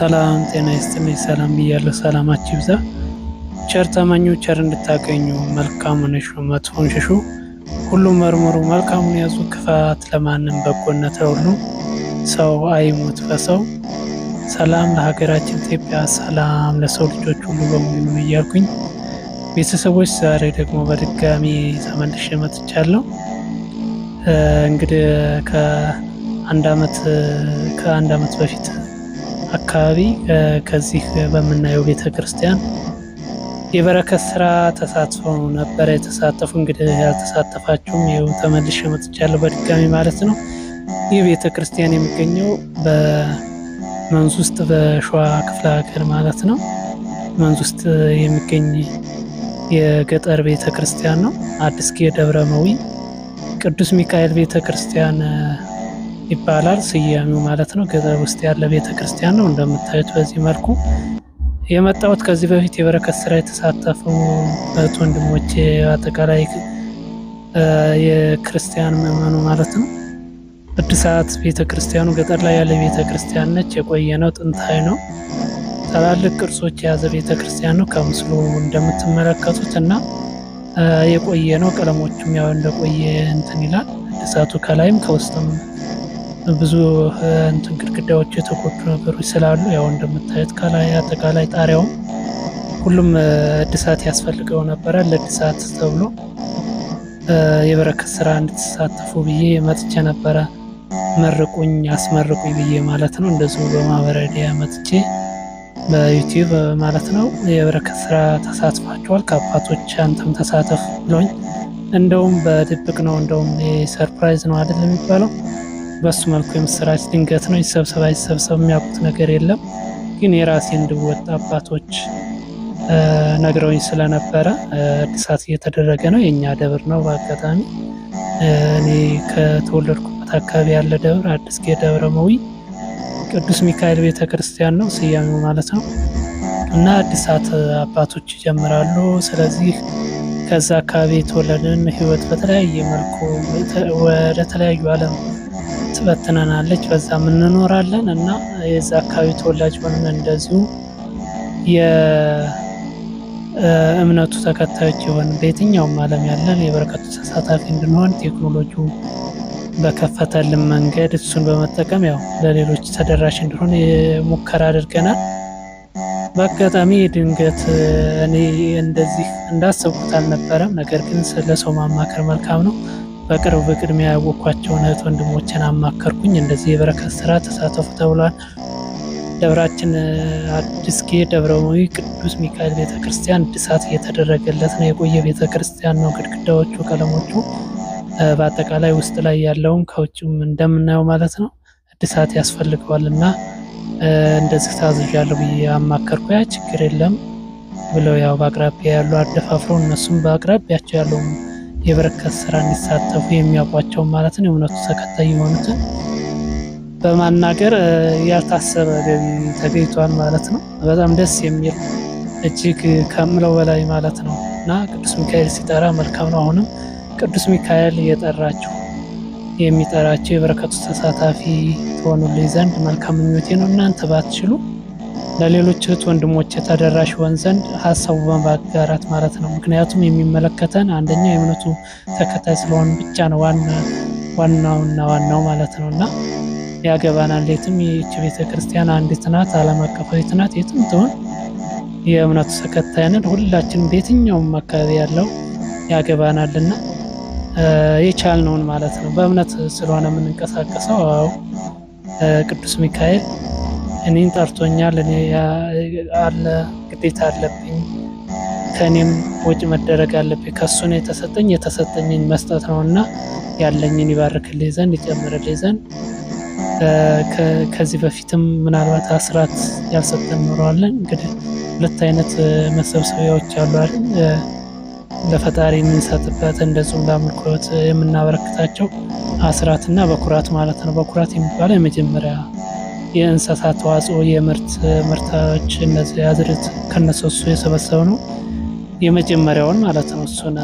ሰላም ጤና ይስጥልኝ። ሰላም ብያለሁ። ሰላማችሁ ይብዛ። ቸር ተመኙ፣ ቸር እንድታገኙ። መልካሙን እሹ፣ መጥፎን ሽሹ። ሁሉም መርምሩ፣ መልካሙን ያዙ። ክፋት ለማንም በጎነት ለሁሉ ሰው አይሙት በሰው። ሰላም ለሀገራችን ኢትዮጵያ፣ ሰላም ለሰው ልጆች ሁሉ በሙሉ እያልኩኝ ቤተሰቦች ዛሬ ደግሞ በድጋሚ ተመልሼ መጥቻለሁ። እንግዲህ ከአንድ አመት ከአንድ አመት በፊት አካባቢ ከዚህ በምናየው ቤተ ክርስቲያን የበረከት ስራ ተሳትፎ ነበረ የተሳተፉ። እንግዲህ ያልተሳተፋችሁም ይኸው ተመልሼ መጥቻለሁ በድጋሚ ማለት ነው። ይህ ቤተ ክርስቲያን የሚገኘው በመንዝ ውስጥ በሸዋ ክፍለ ሀገር ማለት ነው መንዝ ውስጥ የሚገኝ የገጠር ቤተ ክርስቲያን ነው። ጌ ደብረ መዊ ቅዱስ ሚካኤል ቤተ ክርስቲያን ይባላል ስያሜው ማለት ነው። ገጠር ውስጥ ያለ ቤተ ክርስቲያን ነው እንደምታዩት በዚህ መልኩ የመጣሁት ከዚህ በፊት የበረከት ስራ የተሳተፉ እህት ወንድሞቼ፣ አጠቃላይ የክርስቲያን ምእመኑ ማለት ነው። እድሳት ቤተ ክርስቲያኑ ገጠር ላይ ያለ ቤተ ክርስቲያን ነች። የቆየ ነው፣ ጥንታዊ ነው። ትላልቅ ቅርሶች የያዘ ቤተ ክርስቲያን ነው ከምስሉ እንደምትመለከቱት እና የቆየ ነው። ቀለሞቹም ያው እንደቆየ እንትን ይላል። እድሳቱ ከላይም ከውስጥም ብዙ እንትን ግድግዳዎች የተጎዱ ነገሮች ስላሉ ያው እንደምታዩት ከላይ አጠቃላይ ጣሪያውም ሁሉም እድሳት ያስፈልገው ነበረ። ለእድሳት ተብሎ የበረከት ስራ እንድትሳተፉ ብዬ መጥቼ ነበረ። መርቁኝ አስመርቁኝ ብዬ ማለት ነው። እንደዚሁ በማበረዲያ መጥቼ በዩቲዩብ ማለት ነው የበረከት ስራ ተሳትፋቸዋል። ከአባቶች አንተም ተሳተፍ ብሎኝ እንደውም በድብቅ ነው እንደውም ሰርፕራይዝ ነው አይደል የሚባለው በሱ መልኩ የምስራች ድንገት ነው። ይሰብሰብ አይሰብሰብ የሚያውቁት ነገር የለም። ግን የራሴ እንድወጣ አባቶች ነግረውኝ ስለነበረ እድሳት እየተደረገ ነው። የእኛ ደብር ነው። በአጋጣሚ እኔ ከተወለድኩበት አካባቢ ያለ ደብር አዲስጌ ደብረ መዊ ቅዱስ ሚካኤል ቤተ ክርስቲያን ነው ስያሜው ማለት ነው። እና እድሳት አባቶች ይጀምራሉ። ስለዚህ ከዛ አካባቢ የተወለድን ህይወት በተለያየ መልኩ ወደ ተለያዩ አለም ትበትነናለች፣ በዛም እንኖራለን እና የዛ አካባቢ ተወላጅ ሆነን እንደዚሁ የእምነቱ ተከታዮች የሆን በየትኛውም ዓለም ያለን የበረከቱ ተሳታፊ እንድንሆን ቴክኖሎጂው በከፈተልን መንገድ እሱን በመጠቀም ያው ለሌሎች ተደራሽ እንድሆን ሙከራ አድርገናል። በአጋጣሚ ድንገት እኔ እንደዚህ እንዳሰብኩት አልነበረም። ነገር ግን ስለ ሰው ማማከር መልካም ነው። በቅርብ በቅድሚያ ያወቅኳቸውን እህት ወንድሞችን አማከርኩኝ። እንደዚህ የበረከት ስራ ተሳተፉ ተብሏል። ደብራችን አዲስ ጌ ደብረዊ ቅዱስ ሚካኤል ቤተክርስቲያን እድሳት እየተደረገለት ነው። የቆየ ቤተክርስቲያን ነው። ግድግዳዎቹ፣ ቀለሞቹ፣ በአጠቃላይ ውስጥ ላይ ያለውም ከውጭም እንደምናየው ማለት ነው እድሳት ያስፈልገዋል እና እንደዚህ ታዝዣለሁ ብዬ አማከርኩ። ያ ችግር የለም ብለው ያው በአቅራቢያ ያሉ አደፋፍረው እነሱም በአቅራቢያቸው ያለውን የበረከት ስራ እንዲሳተፉ የሚያውቋቸው ነው እውነቱ ተከታይ የሆኑትን በማናገር ያልታሰበ ገቢ ተገኝቷል ማለት ነው። በጣም ደስ የሚል እጅግ ከምለው በላይ ማለት ነው እና ቅዱስ ሚካኤል ሲጠራ መልካም ነው። አሁንም ቅዱስ ሚካኤል እየጠራችሁ የሚጠራቸው የበረከቱ ተሳታፊ ትሆኑልኝ ዘንድ መልካም ምኞቴ ነው። እናንተ ባትችሉ ለሌሎች እህት ወንድሞች ተደራሽ ይሆን ዘንድ ሀሳቡ በማጋራት ማለት ነው። ምክንያቱም የሚመለከተን አንደኛ የእምነቱ ተከታይ ስለሆን ብቻ ነው ዋናውና ዋናው ማለት ነው እና ያገባናል። የትም ይች ቤተ ክርስቲያን አንዲት ናት፣ ዓለም አቀፋዊት ናት። የትም ትሆን የእምነቱ ተከታይነን ሁላችን በየትኛውም አካባቢ ያለው ያገባናልና የቻልነውን ማለት ነው በእምነት ስለሆነ የምንንቀሳቀሰው ቅዱስ ሚካኤል እኔን ጠርቶኛል። እኔ አለ ግዴታ አለብኝ ከእኔም ውጭ መደረግ አለብኝ። ከሱ ነው የተሰጠኝ የተሰጠኝን መስጠት ነው እና ያለኝን ይባርክልህ ዘንድ ይጨምርልህ ዘንድ ከዚህ በፊትም ምናልባት አስራት ያልሰጠን ኖረዋለን። እንግዲህ ሁለት አይነት መሰብሰቢያዎች አሉ አይደል? ለፈጣሪ የምንሰጥበት እንደዚሁም ለአምልኮት የምናበረክታቸው አስራትና በኩራት ማለት ነው። በኩራት የሚባለው የመጀመሪያ የእንስሳት ተዋጽኦ የምርት ምርታዎች እነዚህ አዝርት ከነሰሱ የሰበሰብ ነው የመጀመሪያውን ማለት ነው። እሱን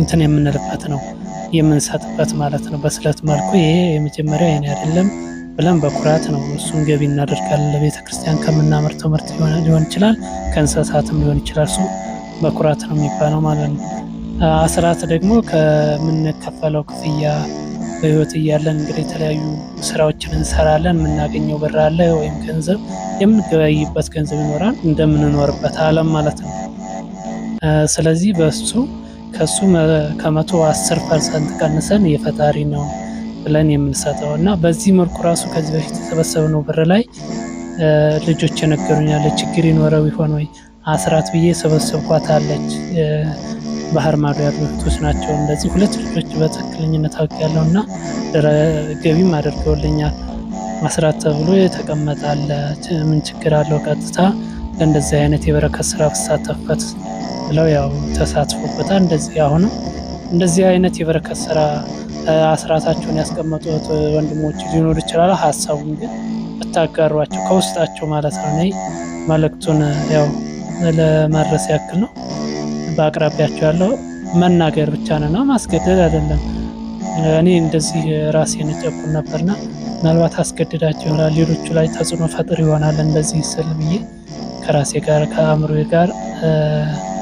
እንትን የምንልበት ነው የምንሰጥበት ማለት ነው። በስለት መልኩ ይሄ የመጀመሪያ የኔ አይደለም ብለን በኩራት ነው እሱን ገቢ እናደርጋለን። ለቤተ ክርስቲያን ከምናመርተው ምርት ሊሆን ይችላል፣ ከእንስሳትም ሊሆን ይችላል። እሱ በኩራት ነው የሚባለው ማለት ነው። አስራት ደግሞ ከምንከፈለው ክፍያ በህይወት እያለን እንግዲህ የተለያዩ ስራዎችን እንሰራለን። የምናገኘው ብር አለ ወይም ገንዘብ የምንገበያይበት ገንዘብ ይኖራል እንደምንኖርበት አለም ማለት ነው። ስለዚህ በሱ ከሱ ከመቶ አስር ፐርሰንት ቀንሰን የፈጣሪ ነው ብለን የምንሰጠው እና በዚህ መልኩ ራሱ ከዚህ በፊት የሰበሰብነው ብር ላይ ልጆች የነገሩኛለ ችግር ይኖረው ይሆን ወይ አስራት ብዬ ሰበሰብኳት አለች ባህር ማዶ ያሉ ናቸው። እንደዚህ ሁለት ልጆች በትክክለኝነት ያለው እና ገቢም አድርገውልኛል። ማስራት ተብሎ የተቀመጠ አለ። ምን ችግር አለው? ቀጥታ ለእንደዚህ አይነት የበረከት ስራ ብሳተፍበት ብለው ያው ተሳትፎበታል። እንደዚህ አሁንም እንደዚህ አይነት የበረከት ስራ አስራታቸውን ያስቀመጡት ወንድሞች ሊኖሩ ይችላል። ሀሳቡን ግን ብታጋሯቸው ከውስጣቸው ማለት ነው። መልእክቱን ያው ለማድረስ ያክል ነው። በአቅራቢያቸው ያለው መናገር ብቻ ነው፣ ማስገደድ አይደለም። እኔ እንደዚህ ራሴን እጨቁን ነበርና ምናልባት አስገድዳቸው ይሆናል ሌሎቹ ላይ ተጽዕኖ ፈጥር ይሆናል እንደዚህ ስል ብዬ ከራሴ ጋር ከአእምሮ ጋር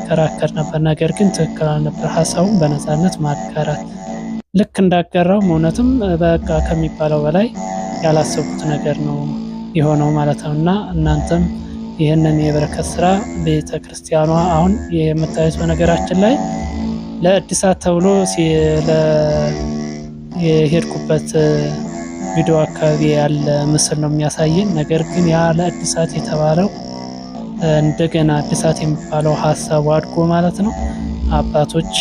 ከራከር ነበር። ነገር ግን ትክክል አልነበር። ሀሳቡን በነፃነት ማጋራት ልክ እንዳገራው እውነትም በቃ ከሚባለው በላይ ያላሰቡት ነገር ነው የሆነው ማለት ነው እና እናንተም ይህንን የበረከት ስራ ቤተ ክርስቲያኗ አሁን የምታዩት በነገራችን ላይ ለእድሳት ተብሎ የሄድኩበት ቪዲዮ አካባቢ ያለ ምስል ነው የሚያሳየን። ነገር ግን ያ ለእድሳት የተባለው እንደገና እድሳት የሚባለው ሀሳቡ አድጎ ማለት ነው አባቶች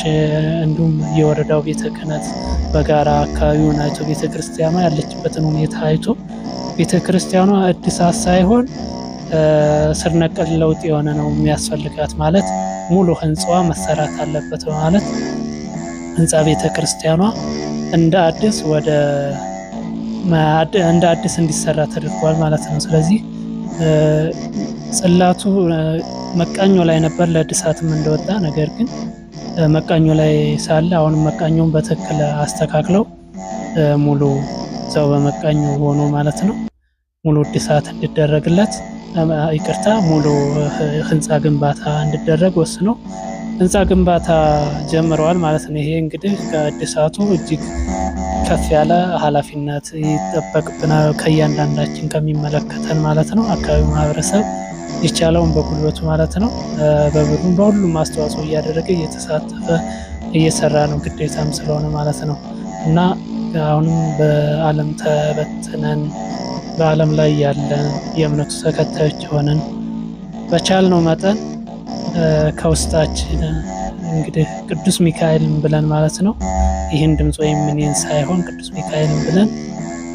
እንዲሁም የወረዳው ቤተ ክህነት በጋራ አካባቢውን አይቶ ቤተ ክርስቲያኗ ያለችበትን ሁኔታ አይቶ ቤተ ክርስቲያኗ እድሳት ሳይሆን ስርነቀል ለውጥ የሆነ ነው የሚያስፈልጋት ማለት ሙሉ ህንፃዋ መሰራት አለበት ማለት ህንፃ ቤተ ክርስቲያኗ እንደ አዲስ ወደ እንደ አዲስ እንዲሰራ ተደርጓል ማለት ነው። ስለዚህ ጽላቱ መቃኞ ላይ ነበር ለእድሳትም እንደወጣ ነገር ግን መቃኞ ላይ ሳለ አሁንም መቃኞን በትክክል አስተካክለው ሙሉ ሰው በመቃኞ ሆኖ ማለት ነው ሙሉ እድሳት እንዲደረግለት ይቅርታ ሙሉ ህንፃ ግንባታ እንዲደረግ ወስኖ ህንፃ ግንባታ ጀምረዋል ማለት ነው። ይሄ እንግዲህ ከእድሳቱ እጅግ ከፍ ያለ ኃላፊነት ይጠበቅብናል ከእያንዳንዳችን ከሚመለከተን ማለት ነው። አካባቢው ማህበረሰብ የቻለውን በጉልበቱ ማለት ነው በብሩም በሁሉም አስተዋጽኦ እያደረገ እየተሳተፈ እየሰራ ነው ግዴታም ስለሆነ ማለት ነው እና አሁንም በዓለም ተበትነን በዓለም ላይ ያለን የእምነቱ ተከታዮች የሆንን በቻልነው መጠን ከውስጣችን እንግዲህ ቅዱስ ሚካኤልን ብለን ማለት ነው ይህን ድምፅ ወይም እኔን ሳይሆን ቅዱስ ሚካኤልን ብለን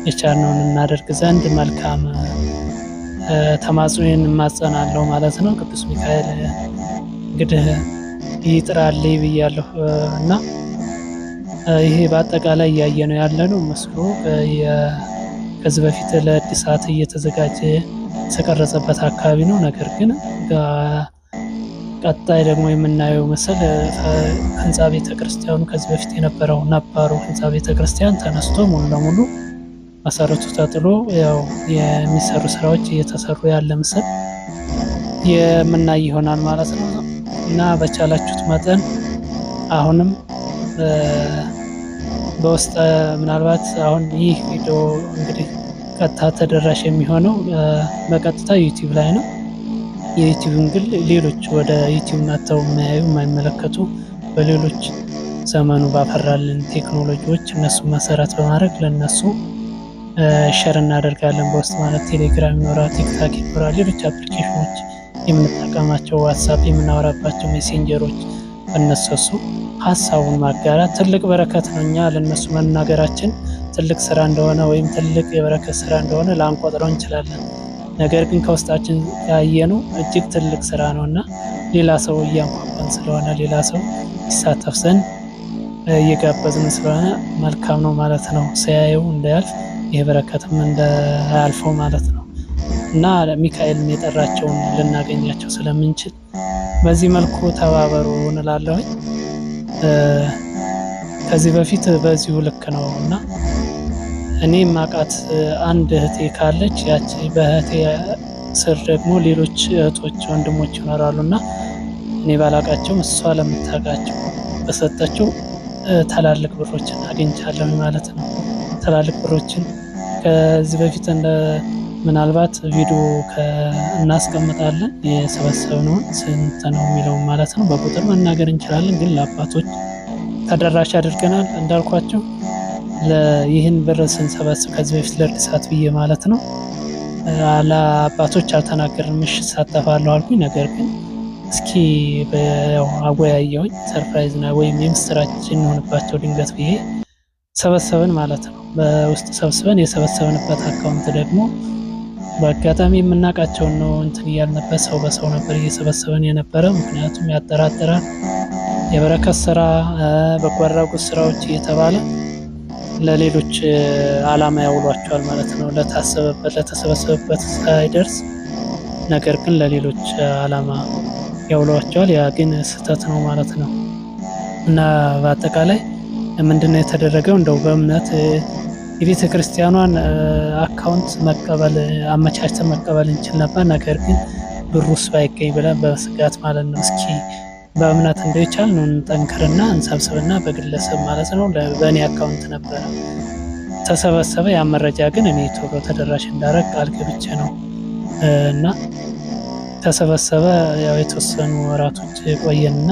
የቻልነውን እናደርግ ዘንድ መልካም ተማጽኖን እንማጸናለሁ ማለት ነው። ቅዱስ ሚካኤል እንግዲህ ይጥራልኝ ብያለሁ እና ይሄ በአጠቃላይ እያየ ነው ያለ ነው መስሎ ከዚህ በፊት ለአዲስ ሰዓት እየተዘጋጀ የተቀረጸበት አካባቢ ነው። ነገር ግን ቀጣይ ደግሞ የምናየው ምስል ህንፃ ቤተ ክርስቲያኑ ከዚህ በፊት የነበረው ነባሩ ህንፃ ቤተ ክርስቲያን ተነስቶ ሙሉ ለሙሉ መሰረቱ ተጥሎ ያው የሚሰሩ ስራዎች እየተሰሩ ያለ ምስል የምናይ ይሆናል ማለት ነው እና በቻላችሁት መጠን አሁንም በውስጥ ምናልባት አሁን ይህ ቪዲዮ እንግዲህ ቀጥታ ተደራሽ የሚሆነው በቀጥታ ዩቲዩብ ላይ ነው። የዩቲዩብን ግን ሌሎች ወደ ዩቲዩብ መጥተው የሚያዩ የማይመለከቱ በሌሎች ዘመኑ ባፈራልን ቴክኖሎጂዎች እነሱ መሰረት በማድረግ ለነሱ ሸር እናደርጋለን። በውስጥ ማለት ቴሌግራም ይኖራል፣ ቲክታክ ይኖራል፣ ሌሎች አፕሊኬሽኖች የምንጠቀማቸው ዋትሳፕ የምናወራባቸው ሜሴንጀሮች እነሰሱ ሀሳቡን ማጋራት ትልቅ በረከት ነው። እኛ ለነሱ መናገራችን ትልቅ ስራ እንደሆነ ወይም ትልቅ የበረከት ስራ እንደሆነ ላንቆጥረው እንችላለን። ነገር ግን ከውስጣችን ያየኑ እጅግ ትልቅ ስራ ነው እና ሌላ ሰው እያንኳኳን ስለሆነ ሌላ ሰው ይሳተፍ ዘንድ እየጋበዝን ስለሆነ መልካም ነው ማለት ነው። ሲያየው እንዳያልፍ ይህ በረከትም እንዳያልፈው ማለት ነው እና ሚካኤልም የጠራቸውን ልናገኛቸው ስለምንችል በዚህ መልኩ ተባበሩ እንላለሁኝ። ከዚህ በፊት በዚሁ ልክ ነው እና እኔ ማቃት አንድ እህቴ ካለች ያቺ በእህቴ ስር ደግሞ ሌሎች እህቶች ወንድሞች ይኖራሉ እና እኔ ባላቃቸው እሷ ለምታውቃቸው በሰጠችው ትላልቅ ብሮችን አግኝቻለሁ ማለት ነው። ትላልቅ ብሮችን ከዚህ በፊት እንደ ምናልባት ቪዲዮ እናስቀምጣለን የሰበሰብነውን ስንት ነው የሚለውን ማለት ነው። በቁጥር መናገር እንችላለን፣ ግን ለአባቶች ተደራሽ አድርገናል። እንዳልኳቸው ይህን ብር ስንሰበስብ ከዚህ በፊት ለእድሳት ብዬ ማለት ነው ለአባቶች አልተናገርም። እሺ እሳተፋለሁ አልኩኝ። ነገር ግን እስኪ አወያየውኝ ሰርፕራይዝ ወይም የምስራች እንሆንባቸው ድንገት ብዬ ሰበሰብን ማለት ነው። በውስጥ ሰብስበን የሰበሰብንበት አካውንት ደግሞ በአጋጣሚ የምናውቃቸውን ነው እንትን እያልንበት ሰው በሰው ነበር እየሰበሰበን የነበረ። ምክንያቱም ያጠራጥራል የበረከት ስራ፣ በጎ አድራጎት ስራዎች እየተባለ ለሌሎች አላማ ያውሏቸዋል ማለት ነው። ለታሰበበት ለተሰበሰበበት ሳይደርስ ነገር ግን ለሌሎች አላማ ያውሏቸዋል። ያ ግን ስህተት ነው ማለት ነው እና በአጠቃላይ ምንድነው የተደረገው እንደው በእምነት የቤተ ክርስቲያኗን አካውንት መቀበል አመቻችተን መቀበል እንችል ነበር። ነገር ግን ብሩስ ባይገኝ ብለን በስጋት ማለት ነው። እስኪ በእምነት እንደይቻል ነው እንጠንክርና እንሰብስብና በግለሰብ ማለት ነው በእኔ አካውንት ነበረ ተሰበሰበ። ያ መረጃ ግን እኔ ቶሎ ተደራሽ እንዳረግ ቃል ገብቼ ነው እና ተሰበሰበ። ያው የተወሰኑ ወራቶች ቆየንና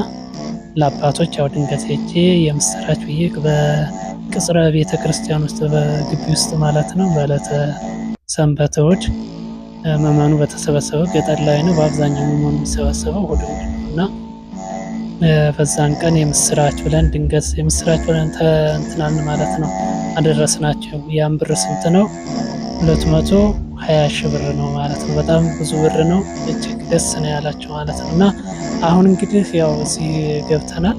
ለአባቶች ያው ድንገት ሄጄ የምስራች ብዬ ቅጽረ ቤተ ክርስቲያን ውስጥ በግቢ ውስጥ ማለት ነው። በዕለተ ሰንበት እሑድ መመኑ በተሰበሰበው ገጠር ላይ ነው በአብዛኛው መመኑ የሚሰበሰበው እሑድ እና በዛን ቀን የምስራች ብለን ድንገት የምስራች ብለን ተንትናን ማለት ነው አደረስናቸው። ያን ብር ስንት ነው? ሁለት መቶ ሀያ ሺህ ብር ነው ማለት ነው። በጣም ብዙ ብር ነው። እጅግ ደስ ነው ያላቸው ማለት ነው እና አሁን እንግዲህ ያው እዚህ ገብተናል።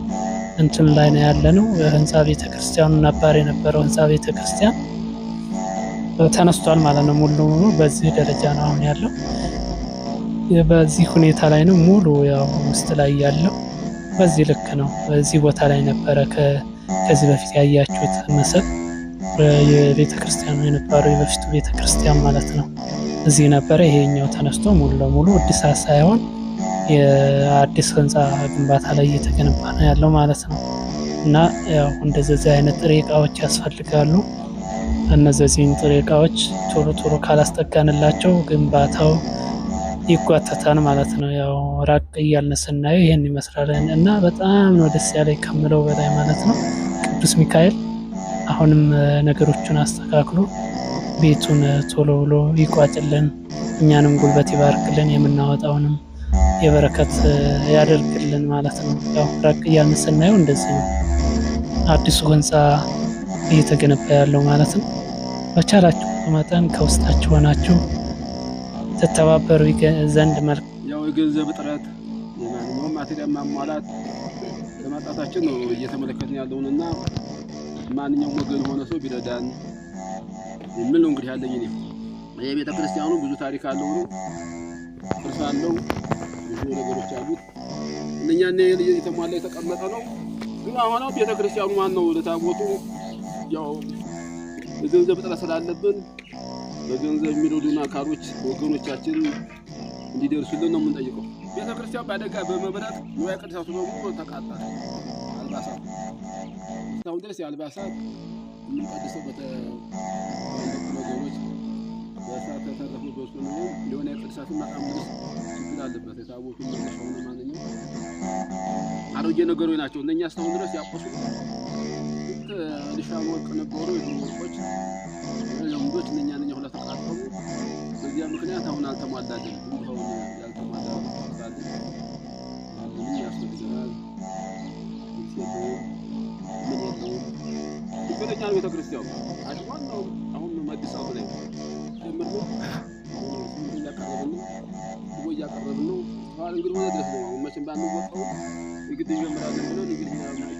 እንትን ላይ ነው ያለ ነው። ህንፃ ቤተክርስቲያኑ ነባር የነበረው ህንፃ ቤተክርስቲያን ተነስቷል ማለት ነው። ሙሉ ሙሉ በዚህ ደረጃ ነው አሁን ያለው። በዚህ ሁኔታ ላይ ነው ሙሉ ያው ውስጥ ላይ ያለው በዚህ ልክ ነው። በዚህ ቦታ ላይ ነበረ ከዚህ በፊት ያያችሁት መሰብ የቤተክርስቲያኑ የነበረው የበፊቱ ቤተክርስቲያን ማለት ነው። እዚህ ነበረ። ይሄኛው ተነስቶ ሙሉ ለሙሉ እድሳት ሳይሆን የአዲስ ህንፃ ግንባታ ላይ እየተገነባ ነው ያለው ማለት ነው። እና ያው እንደዚህ አይነት ጥሬ እቃዎች ያስፈልጋሉ። እነዚህን ጥሬ እቃዎች ቶሎ ቶሎ ካላስጠጋንላቸው ግንባታው ይጓተታል ማለት ነው። ያው ራቅ እያልን ስናየው ይህን ይመስላል እና በጣም ነው ደስ ያለ ከምለው በላይ ማለት ነው። ቅዱስ ሚካኤል አሁንም ነገሮቹን አስተካክሎ ቤቱን ቶሎ ብሎ ይቋጭልን፣ እኛንም ጉልበት ይባርክልን የምናወጣውንም የበረከት ያደርግልን ማለት ነው። ያው ራቅ እያልን ስናየው እንደዚህ ነው አዲሱ ህንፃ እየተገነባ ያለው ማለት ነው። በቻላችሁ መጠን ከውስጣችሁ ሆናችሁ ተተባበሩ ዘንድ መልክ ያው የገንዘብ እጥረት የማንኛውም ማቴሪያል ማሟላት ለማጣታችን ነው እየተመለከትን ያለውንና ማንኛውም ወገን የሆነ ሰው ቢረዳን የምል ነው እንግዲህ ያለኝ እኔ። ቤተ ክርስቲያኑ ብዙ ታሪክ አለው ነው ቅርስ አለው ብዙ ነገሮች ያሉት እነኛና የተሟላ የተቀመጠ ነው። ግን አሁን ቤተ ክርስቲያኑ ማን ነው ለታቦቱ ያው የገንዘብ እጥረት ስላለብን በገንዘብ የሚረዱን አካሎች ወገኖቻችን እንዲደርሱልን ነው የምንጠይቀው። ቤተ ክርስቲያን በአደጋ በመብራት ንዋየ ቅድሳቱ በሙሉ ተቃጣ። አልባሳት እስካሁን ድረስ የአልባሳት የምንቀድሰው በተለቁ ነገሮች በእሳት ተተረፉ በሱ ነው የሆነ ቅድሳትን ማጣም ያላወቁ መለሻ ነው ማንኛው አሮጌ ነገሮች ናቸው እነኛ እስካሁን ድረስ ያቆሱ ልክ ወርቅ ነበሩ ወርቆች ልምዶች እነኛ ነኛ ሁላ ተቃጠሉ። በዚያ ምክንያት አሁን አልተሟላልን ሁን ያልተሟላ ምን ያስፈልገናል ምን የለውም ይፈለኛል ቤተክርስቲያኑ አድማን ነው በዓል እንግዲህ ሆነ ድረስ ነው። መቼም ባንወጣው ንግድ ጀምራለን ብለን ንግድ ምራችን ድረስ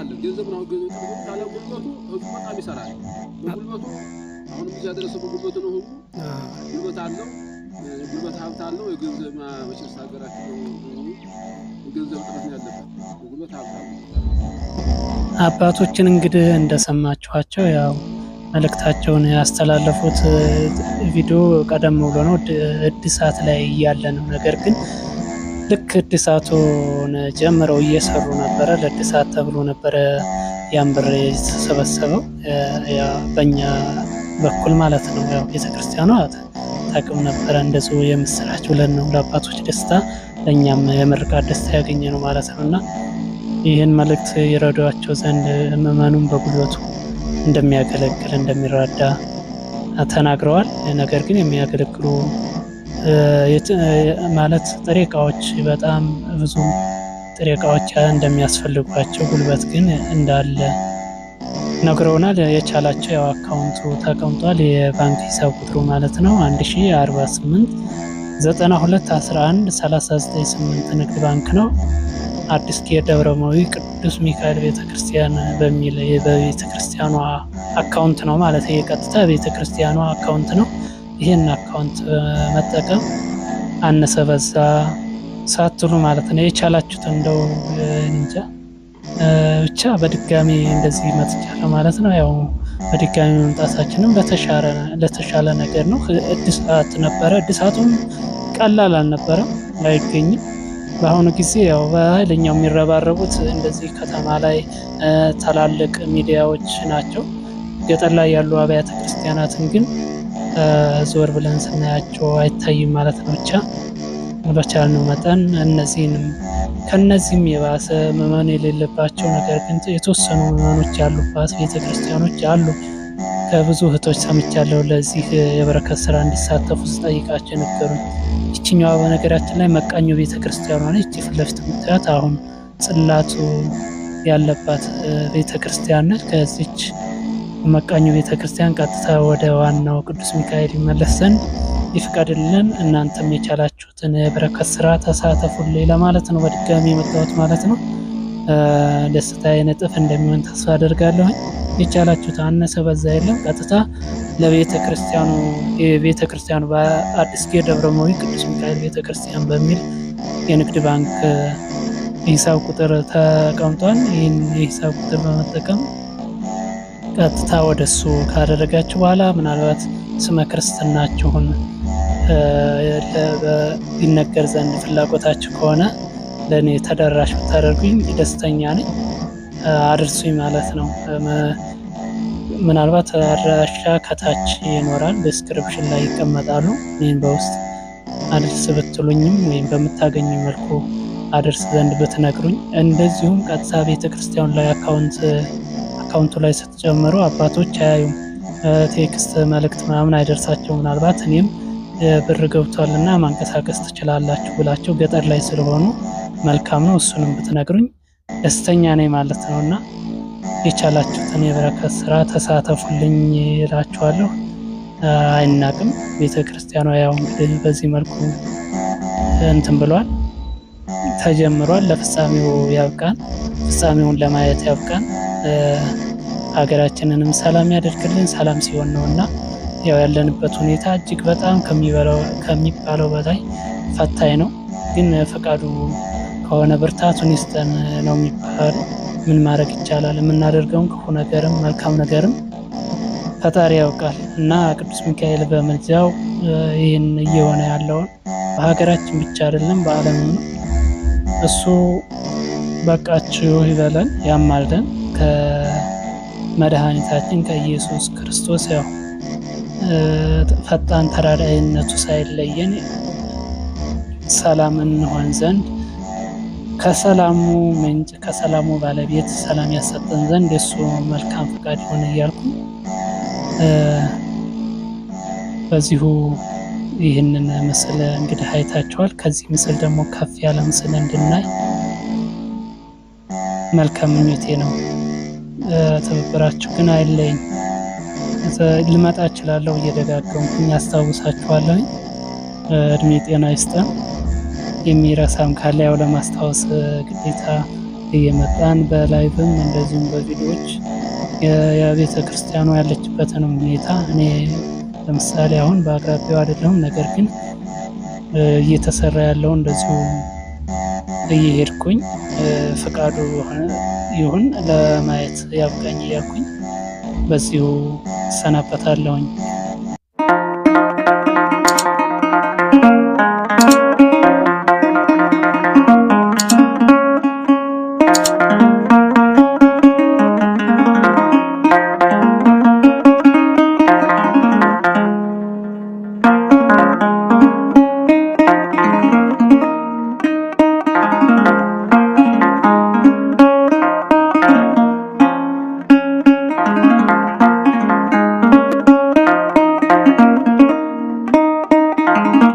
አለ። ገንዘብ ነው ገንዘብ ጥሩ ካለ ጉልበቱ ህዝቡ በጣም ይሰራል። በጉልበቱ አሁን ብዙ ያደረሰው በጉልበቱ ነው። ሁሉ ጉልበት አለው፣ ጉልበት ሀብት አለው። የገንዘብ መቼስ ሀገራችን የገንዘብ ጥረት ያለበት። ጉልበት ሀብት አለው። አባቶችን እንግዲህ እንደሰማችኋቸው ያው መልእክታቸውን ያስተላለፉት ቪዲዮ ቀደም ብሎ ነው እድሳት ላይ እያለ ነው። ነገር ግን ልክ እድሳቱን ጀምረው እየሰሩ ነበረ። ለእድሳት ተብሎ ነበረ ያን ብር የተሰበሰበው በእኛ በኩል ማለት ነው። ያው ቤተክርስቲያኗ ታቅም ነበረ እንደዚሁ የምስራች ብለን ነው ለአባቶች ደስታ ለእኛም የምርቃት ደስታ ያገኘ ነው ማለት ነው እና ይህን መልእክት ይረዷቸው ዘንድ ምዕመኑን በጉልበቱ እንደሚያገለግል እንደሚራዳ ተናግረዋል። ነገር ግን የሚያገለግሉ ማለት ጥሬ እቃዎች በጣም ብዙ ጥሬ እቃዎች እንደሚያስፈልጓቸው ጉልበት ግን እንዳለ ነግረውናል። የቻላቸው ያው አካውንቱ ተቀምጧል። የባንክ ሂሳብ ቁጥሩ ማለት ነው 1048 9211 398 ንግድ ባንክ ነው። አዲስ ደብረማዊ ቅዱስ ሚካኤል ቤተክርስቲያን በሚል በቤተክርስቲያኗ አካውንት ነው ማለት የቀጥታ ቤተክርስቲያኗ አካውንት ነው። ይህን አካውንት መጠቀም አነሰ በዛ ሳትሉ ማለት ነው የቻላችሁት እንደው እንጃ ብቻ በድጋሚ እንደዚህ መጥቻለሁ ማለት ነው። ያው በድጋሚ መምጣታችንም ለተሻለ ነገር ነው። እድሳት ነበረ። እድሳቱም ቀላል አልነበረም፣ አይገኝም በአሁኑ ጊዜ ያው በኃይለኛው የሚረባረቡት እንደዚህ ከተማ ላይ ትላልቅ ሚዲያዎች ናቸው። ገጠር ላይ ያሉ አብያተ ክርስቲያናትን ግን ዞር ብለን ስናያቸው አይታይም ማለት ነው። ብቻ በቻልነው መጠን እነዚህንም ከነዚህም የባሰ ምዕመን የሌለባቸው ነገር ግን የተወሰኑ ምዕመኖች ያሉባት ቤተ ክርስቲያኖች አሉ። ከብዙ እህቶች ሰምቻለሁ። ለዚህ የበረከት ስራ እንዲሳተፉ ስጠይቃቸው የነበሩኝ ይችኛዋ በነገራችን ላይ መቃኞ ቤተ ክርስቲያኗ ነች። ፊት ለፊት የምታዩት አሁን ጽላቱ ያለባት ቤተ ክርስቲያን ነች። ከዚች መቃኙ ቤተ ክርስቲያን ቀጥታ ወደ ዋናው ቅዱስ ሚካኤል ይመለስ ዘንድ ይፍቀድልን። እናንተም የቻላችሁትን የበረከት ስራ ተሳተፉልኝ ለማለት ነው በድጋሚ የመጣሁት ማለት ነው። ደስታ የነጥፍ እንደሚሆን ተስፋ አደርጋለሁ። የቻላችሁት አነሰ በዛ የለም ቀጥታ ለቤተ ክርስቲያኑ የቤተ ክርስቲያኑ በአዲስ ጌ ደብረመዊ ቅዱስ ሚካኤል ቤተ ክርስቲያን በሚል የንግድ ባንክ የሂሳብ ቁጥር ተቀምጧል። ይህን የሂሳብ ቁጥር በመጠቀም ቀጥታ ወደ እሱ ካደረጋችሁ በኋላ ምናልባት ስመ ክርስትናችሁን ይነገር ዘንድ ፍላጎታችሁ ከሆነ ለእኔ ተደራሽ ብታደርጉኝ ደስተኛ ነኝ። አድርሱኝ ማለት ነው። ምናልባት አድራሻ ከታች ይኖራል፣ ዲስክሪፕሽን ላይ ይቀመጣሉ። እኔን በውስጥ አድርስ ብትሉኝም ወይም በምታገኝ መልኩ አድርስ ዘንድ ብትነግሩኝ፣ እንደዚሁም ቀጥታ ቤተክርስቲያኑ ላይ አካውንት አካውንቱ ላይ ስትጨምሩ አባቶች አያዩም፣ ቴክስት መልእክት ምናምን አይደርሳቸው። ምናልባት እኔም ብር ገብቷልና ማንቀሳቀስ ትችላላችሁ ብላቸው ገጠር ላይ ስለሆኑ መልካም ነው። እሱንም ብትነግሩኝ ደስተኛ ነኝ ማለት ነው እና የቻላችሁትን የበረከት ስራ ተሳተፉልኝ እላችኋለሁ። አይናቅም። ቤተ ክርስቲያኗ ያው እንግዲህ በዚህ መልኩ እንትን ብሏል፣ ተጀምሯል። ለፍጻሜው ያብቃን፣ ፍጻሜውን ለማየት ያብቃን። ሀገራችንንም ሰላም ያደርግልን። ሰላም ሲሆን ነው እና ያው ያለንበት ሁኔታ እጅግ በጣም ከሚባለው በላይ ፈታኝ ነው። ግን ፈቃዱ ከሆነ ብርታቱን ይስጠን ነው የሚባል። ምን ማድረግ ይቻላል? የምናደርገውን ክፉ ነገርም መልካም ነገርም ፈጣሪ ያውቃል እና ቅዱስ ሚካኤል በመዚያው ይህን እየሆነ ያለውን በሀገራችን ብቻ አይደለም በዓለም እሱ በቃችሁ ይበለን ያማልደን ከመድኃኒታችን ከኢየሱስ ክርስቶስ ያው ፈጣን ተራዳይነቱ ሳይለየን ሰላም እንሆን ዘንድ ከሰላሙ ምንጭ ከሰላሙ ባለቤት ሰላም ያሰጠን ዘንድ የእሱ መልካም ፈቃድ ይሆን እያልኩ በዚሁ ይህንን ምስል እንግዲህ አይታችኋል። ከዚህ ምስል ደግሞ ከፍ ያለ ምስል እንድናይ መልካም ምኞቴ ነው። ትብብራችሁ ግን አይለኝ። ልመጣ እችላለሁ እየደጋገምኩኝ አስታውሳችኋለሁ። እድሜ ጤና ይስጠን። የሚረሳም ካለ ያው ለማስታወስ ግዴታ እየመጣን በላይቭም እንደዚሁም በቪዲዮዎች የቤተ ክርስቲያኗ ያለችበትንም ሁኔታ እኔ ለምሳሌ አሁን በአቅራቢያው አይደለሁም፣ ነገር ግን እየተሰራ ያለው እንደዚሁ እየሄድኩኝ ፈቃዱ ይሁን ለማየት ያብቃኝ እያልኩኝ በዚሁ እሰናበታለሁኝ።